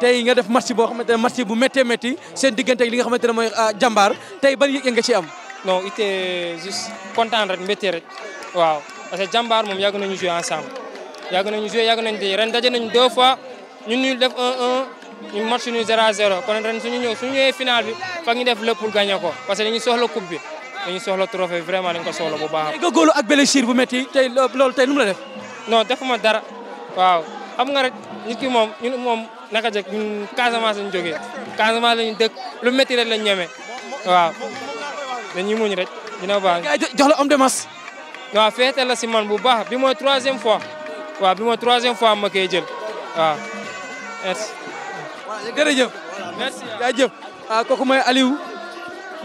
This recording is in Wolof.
tey nga def match boo xamante ne bu méttee métti seen diggante li nga xamante ne mooy euh, tey ban yëg nga ci am. non ite juste kontaan rek mbéttee rek waaw parce que jàmbaar moom yàgg nañu joué ensemble yàgg nañu joué yàgg nañu ñu def 1-1 ñu match ñu 0-0 kon ren suñu ñëw suñu ñëwee final bi foog ñu def lépp pour gagné ko parce que dañuy soxla coupe bi dañuy soxla trophée vraiment dañu ko soxla bu baax. tey góorgóorlu ak blessure bu métti tey loolu tey nu la def. non defuma dara waaw. xam nga rek nit ki moom ñun moom naka jëkk ñun Casamance lañ la Casamance lañ dëkk lu métti rek lañ ñeme waaw dañuy muñ rek dina baax. jox la om de masse. waaw feete la si man bu baax bi mooy troisième fois waaw bi mooy troisième fois ma koy jël waaw merci. jërëjëf. merci jërëjëf ah, kooku mooy